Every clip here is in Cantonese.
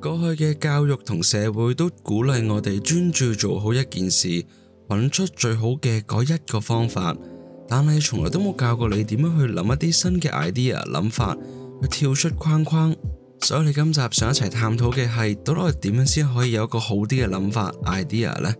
過去嘅教育同社會都鼓勵我哋專注做好一件事，揾出最好嘅嗰一個方法，但係從來都冇教過你點樣去諗一啲新嘅 idea 諗法，去跳出框框。所以，我哋今集想一齊探討嘅係到底我哋點樣先可以有一個好啲嘅諗法 idea 呢？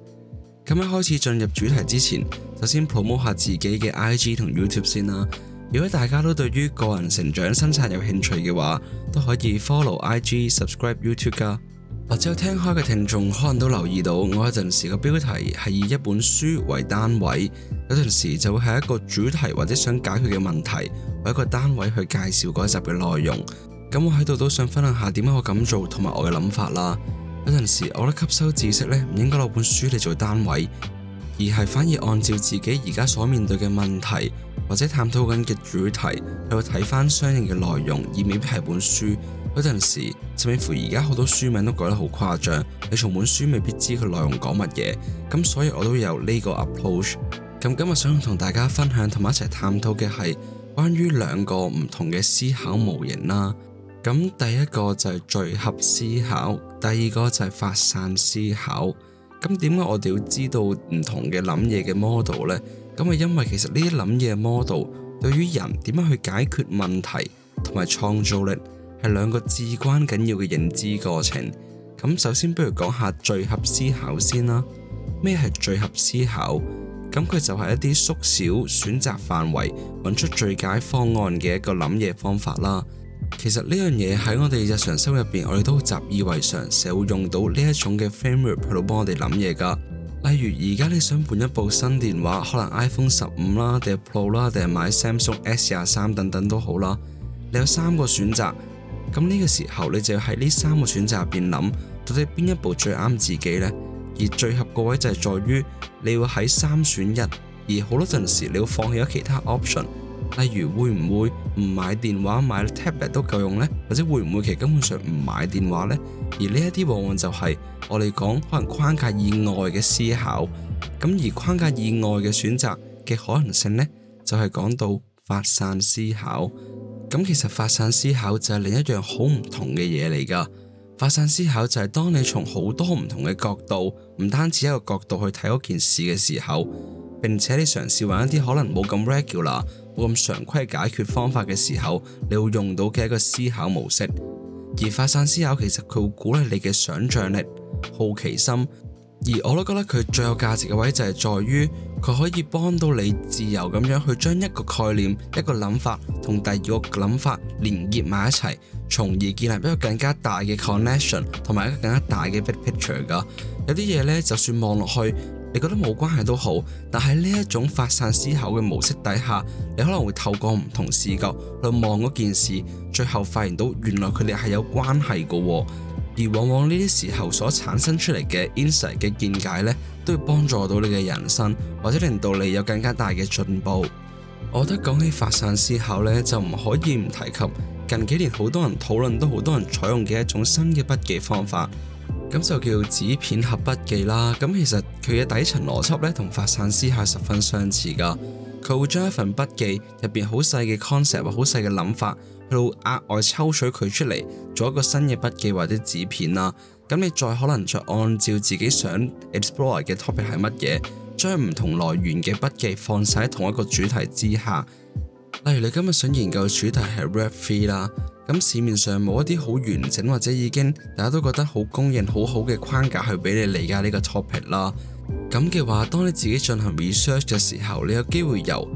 咁喺開始進入主題之前，首先 promote 下自己嘅 IG 同 YouTube 先啦。如果大家都對於個人成長、生產有興趣嘅話，都可以 follow IG、subscribe YouTube 㗎。或者有聽開嘅聽眾可能都留意到，我有陣時個標題係以一本書為單位，有陣時就會係一個主題或者想解決嘅問題為一個單位去介紹嗰一集嘅內容。咁我喺度都想分享下點解我咁做同埋我嘅諗法啦。有陣時我覺得吸收知識呢，唔應該攞本書嚟做單位。而係反而按照自己而家所面對嘅問題或者探討緊嘅主題去睇翻相應嘅內容，而未必係本書。有陣時甚至乎而家好多書名都改得好誇張，你從本書未必知佢內容講乜嘢。咁所以我都有呢個 approach。咁今日想同大家分享同埋一齊探討嘅係關於兩個唔同嘅思考模型啦。咁第一個就係聚合思考，第二個就係發散思考。咁點解我哋要知道唔同嘅諗嘢嘅 model 呢？咁係因為其實呢啲諗嘢 model 對於人點樣去解決問題同埋創造力係兩個至關緊要嘅認知過程。咁首先不如講下聚合思考先啦。咩係聚合思考？咁佢就係一啲縮小選擇範圍，揾出最佳方案嘅一個諗嘢方法啦。其實呢樣嘢喺我哋日常生活入邊，我哋都習以為常，成日會用到呢一種嘅 framework 去到幫我哋諗嘢噶。例如而家你想換一部新電話，可能 iPhone 十五啦，定係 Pro 啦，定係買 Samsung S 廿三等等都好啦。你有三個選擇，咁呢個時候你就要喺呢三個選擇入邊諗，到底邊一部最啱自己呢？而最合個位就係在於你會喺三選一，而好多陣時你要放棄咗其他 option。例如會唔會唔買電話買 tablet 都夠用呢？或者會唔會其實根本上唔買電話呢？而呢一啲往往就係我哋講可能框架以外嘅思考咁，而框架以外嘅選擇嘅可能性呢，就係講到發散思考咁。其實發散思考就係另一樣好唔同嘅嘢嚟噶。發散思考就係當你從好多唔同嘅角度，唔單止一個角度去睇嗰件事嘅時候，並且你嘗試玩一啲可能冇咁 regular。冇咁常規解決方法嘅時候，你會用到嘅一個思考模式，而發散思考其實佢會鼓勵你嘅想象力、好奇心，而我都覺得佢最有價值嘅位就係在於佢可以幫到你自由咁樣去將一個概念、一個諗法同第二個諗法連結埋一齊，從而建立一個更加大嘅 connection 同埋一個更加大嘅 big picture 㗎。有啲嘢呢，就算望落去。你覺得冇關係都好，但喺呢一種發散思考嘅模式底下，你可能會透過唔同視角去望嗰件事，最後發現到原來佢哋係有關係噶。而往往呢啲時候所產生出嚟嘅 insight 嘅見解呢，都要幫助到你嘅人生，或者令到你有更加大嘅進步。我覺得講起發散思考呢，就唔可以唔提及近幾年好多人討論，都好多人採用嘅一種新嘅筆記方法。咁就叫紙片盒筆記啦。咁其實佢嘅底層邏輯呢，同發散思考十分相似㗎。佢會將一份筆記入邊好細嘅 concept 或好細嘅諗法，去到額外抽取佢出嚟，做一個新嘅筆記或者紙片啦。咁你再可能再按照自己想 explore 嘅 topic 係乜嘢，將唔同來源嘅筆記放晒喺同一個主題之下。例如你今日想研究嘅主題係 rap free 啦。咁市面上冇一啲好完整或者已經大家都覺得好公認好好嘅框架去俾你理解呢個 topic 啦。咁嘅話，當你自己進行 research 嘅時候，你有機會由誒、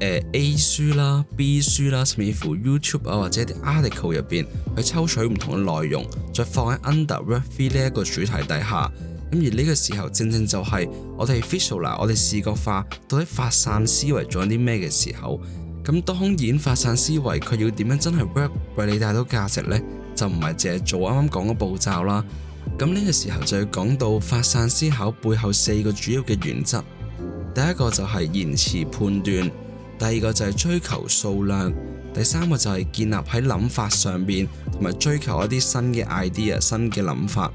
呃、A 書啦、B 書啦，甚至乎 YouTube 啊、或者啲 article 入邊去抽取唔同嘅內容，再放喺 underworthy 呢一個主題底下。咁而呢個時候，正正就係我哋 visual 化、er,、我哋視覺化到底發散思維做咗啲咩嘅時候。咁當然發散思維佢要點樣真係 work 為你帶到價值呢？就唔係淨係做啱啱講嘅步驟啦。咁呢個時候就要講到發散思考背後四個主要嘅原則。第一個就係延遲判斷，第二個就係追求數量，第三個就係建立喺諗法上邊，同埋追求一啲新嘅 idea、新嘅諗法。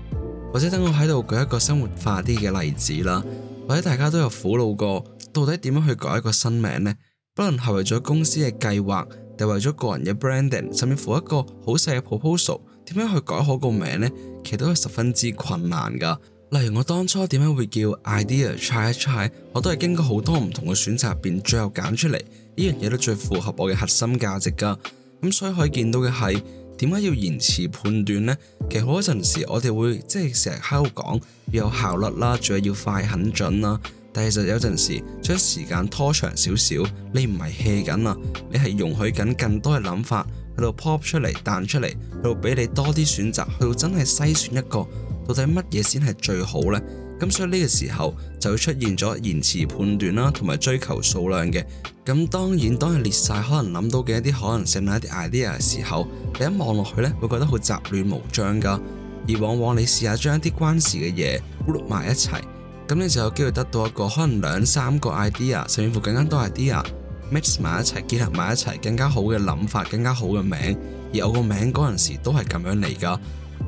或者等我喺度舉一個生活化啲嘅例子啦，或者大家都有苦惱過，到底點樣去改一個新名呢？不論係為咗公司嘅計劃，定為咗個人嘅 branding，甚至乎一個好細嘅 proposal，點樣去改好個名呢？其實都係十分之困難噶。例如我當初點樣會叫 idea try 一 try，我都係經過好多唔同嘅選擇入邊，最後揀出嚟，呢樣嘢都最符合我嘅核心價值噶。咁所以可以見到嘅係，點解要延遲判斷呢？其實好多陣時我，我哋會即係成日喺度講要有效率啦，仲係要快狠準啦。但係其實有陣時將時間拖長少少，你唔係 hea 緊啊，你係容許緊更多嘅諗法喺度 pop 出嚟，彈出嚟，去到俾你多啲選擇，去到真係篩選一個到底乜嘢先係最好呢？咁所以呢個時候就會出現咗延遲判斷啦，同埋追求數量嘅。咁當然當你列晒可能諗到嘅一啲可能性啊，一啲 idea 嘅時候，你一望落去呢，會覺得好雜亂無章噶，而往往你試下將一啲關事嘅嘢 group 埋一齊。咁你就有機會得到一個可能兩三個 idea，甚至乎更加多 idea mix 埋一齊，結合埋一齊，更加好嘅諗法，更加好嘅名。而我個名嗰陣時都係咁樣嚟噶。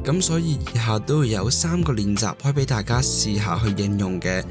咁所以以下都會有三個練習可以俾大家試下去應用嘅。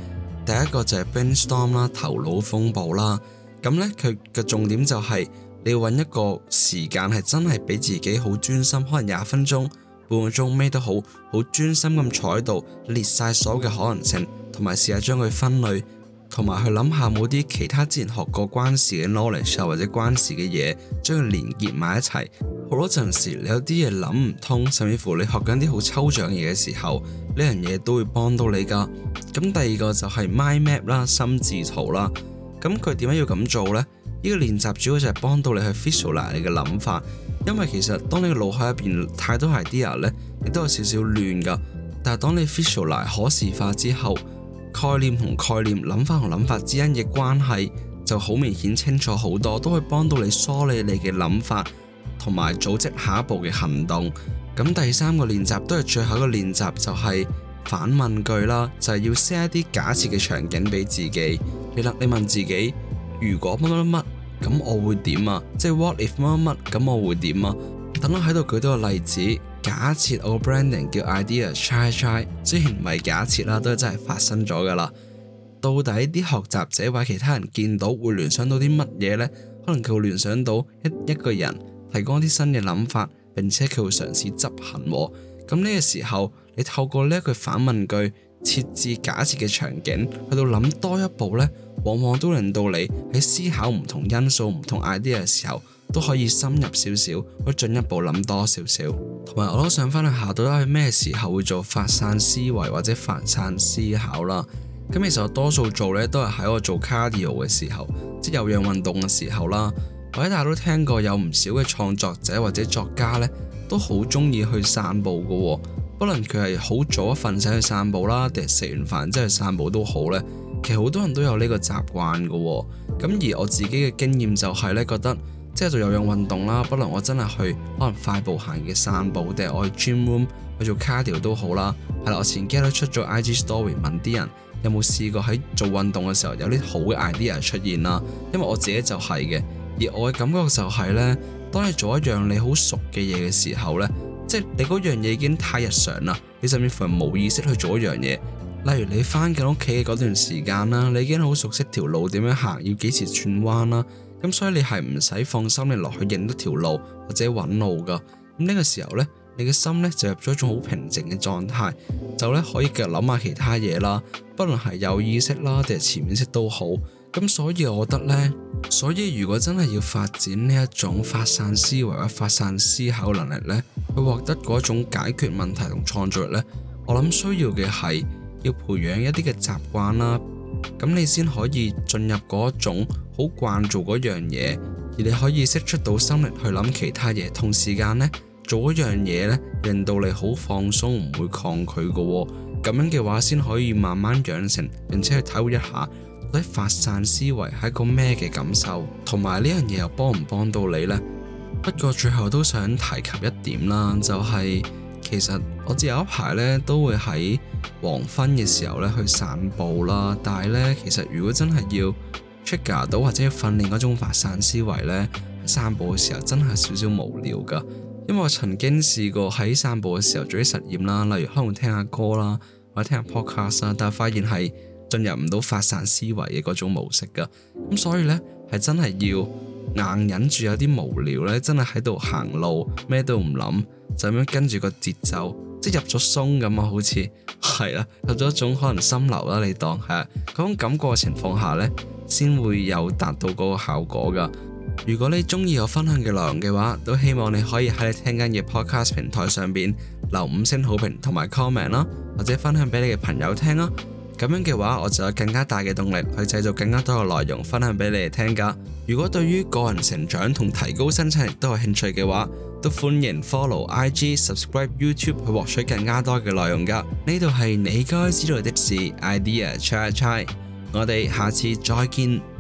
第一個就係 brainstorm 啦，頭腦風暴啦。咁呢，佢嘅重點就係、是、你要搵一個時間係真係俾自己好專心，可能廿分鐘、半個鐘，咩都好，好專心咁坐喺度列晒所有嘅可能性。同埋試下將佢分類，同埋去諗下冇啲其他之前學過關事嘅 knowledge，或者關事嘅嘢，將佢連結埋一齊。好多陣時，你有啲嘢諗唔通，甚至乎你學緊啲好抽象嘢嘅時候，呢樣嘢都會幫到你噶。咁第二個就係 mind map 啦，心智圖啦。咁佢點解要咁做呢？呢、呢個練習主要就係幫到你去 visualize 你嘅諗法，因為其實當你嘅腦海入邊太多 idea 呢，亦都有少少亂噶。但係當你 visualize 可視化之後，概念同概念諗法同諗法之間嘅關係就好明顯清楚好多，都可以幫到你梳理你嘅諗法，同埋組織下一步嘅行動。咁第三個練習都係最後一個練習，就係、是、反問句啦，就係、是、要 set 一啲假設嘅場景俾自己。你啦、啊，你問自己，如果乜乜乜咁我會點啊？即係 what if 乜乜乜咁我會點啊？等我喺度舉多個例子。假設我個 branding 叫 idea try try，雖然唔係假設啦，都係真係發生咗噶啦。到底啲學習者或其他人見到會聯想到啲乜嘢呢？可能佢會聯想到一一個人提供一啲新嘅諗法，並且佢會嘗試執行喎。咁呢個時候，你透過呢句反問句設置假設嘅場景，去到諗多一步呢，往往都令到你喺思考唔同因素、唔同 idea 嘅時候。都可以深入少少，可以進一步諗多少少。同埋，我都想分享下到底係咩時候會做發散思維或者發散思考啦？咁其實我多數做呢，都係喺我做 cardio 嘅時候，即有氧運動嘅時候啦。或者大家都聽過有唔少嘅創作者或者作家呢，都好中意去散步噶喎。不論佢係好早一瞓醒去散步啦，定係食完飯即去散步都好呢？其實好多人都有呢個習慣噶。咁而我自己嘅經驗就係呢：覺得。即係做有氧運動啦，不論我真係去可能快步行嘅散步，定係我去 Dream Room 去做 cardio 都好啦。係啦，我前幾日都出咗 IG story 問啲人有冇試過喺做運動嘅時候有啲好嘅 idea 出現啦。因為我自己就係嘅，而我嘅感覺就係呢：當你做一樣你好熟嘅嘢嘅時候呢，即係你嗰樣嘢已經太日常啦，你甚至乎係無意識去做一樣嘢。例如你翻緊屋企嘅嗰段時間啦，你已經好熟悉條路點樣行，要幾時轉彎啦。咁所以你係唔使放心，你落去認得條路或者揾路噶咁呢個時候呢，你嘅心呢就入咗一種好平靜嘅狀態，就呢可以繼續諗下其他嘢啦，不論係有意識啦定係潛意識都好。咁所以我覺得呢，所以如果真係要發展呢一種發散思維或發散思考能力呢，去獲得嗰種解決問題同創造力呢，我諗需要嘅係要培養一啲嘅習慣啦。咁你先可以進入嗰種好慣做嗰樣嘢，而你可以釋出到心力去諗其他嘢，同時間呢，做嗰樣嘢呢，令到你好放鬆，唔會抗拒㗎喎。咁樣嘅話，先可以慢慢養成，並且去體會一下到底發散思維係一個咩嘅感受，同埋呢樣嘢又幫唔幫到你呢？不過最後都想提及一點啦，就係。其實我自有一排咧都會喺黃昏嘅時候咧去散步啦，但係咧其實如果真係要 trigger 到或者要訓練嗰種發散思維咧，散步嘅時候真係少少無聊噶。因為我曾經試過喺散步嘅時候做啲實驗啦，例如可能聽下歌啦，或者聽下 podcast 啦，但係發現係進入唔到發散思維嘅嗰種模式噶。咁所以咧係真係要硬忍住有啲無聊咧，真係喺度行路咩都唔諗。就咁樣跟住個節奏，即係入咗鬆咁啊，好似係啊，入咗一種可能心流啦、啊，你當係啊，嗰種感覺嘅情況下呢，先會有達到嗰個效果噶。如果你中意我分享嘅內容嘅話，都希望你可以喺你聽緊嘅 podcast 平台上邊留五星好評同埋 comment 啦、啊，或者分享俾你嘅朋友聽啊。咁樣嘅話，我就有更加大嘅動力去製造更加多嘅內容分享俾你哋聽㗎。如果對於個人成長同提高生產力都有興趣嘅話，都歡迎 follow IG、subscribe YouTube 去獲取更加多嘅內容㗎。呢度係你該知道的事，ideas try1try，我哋下次再見。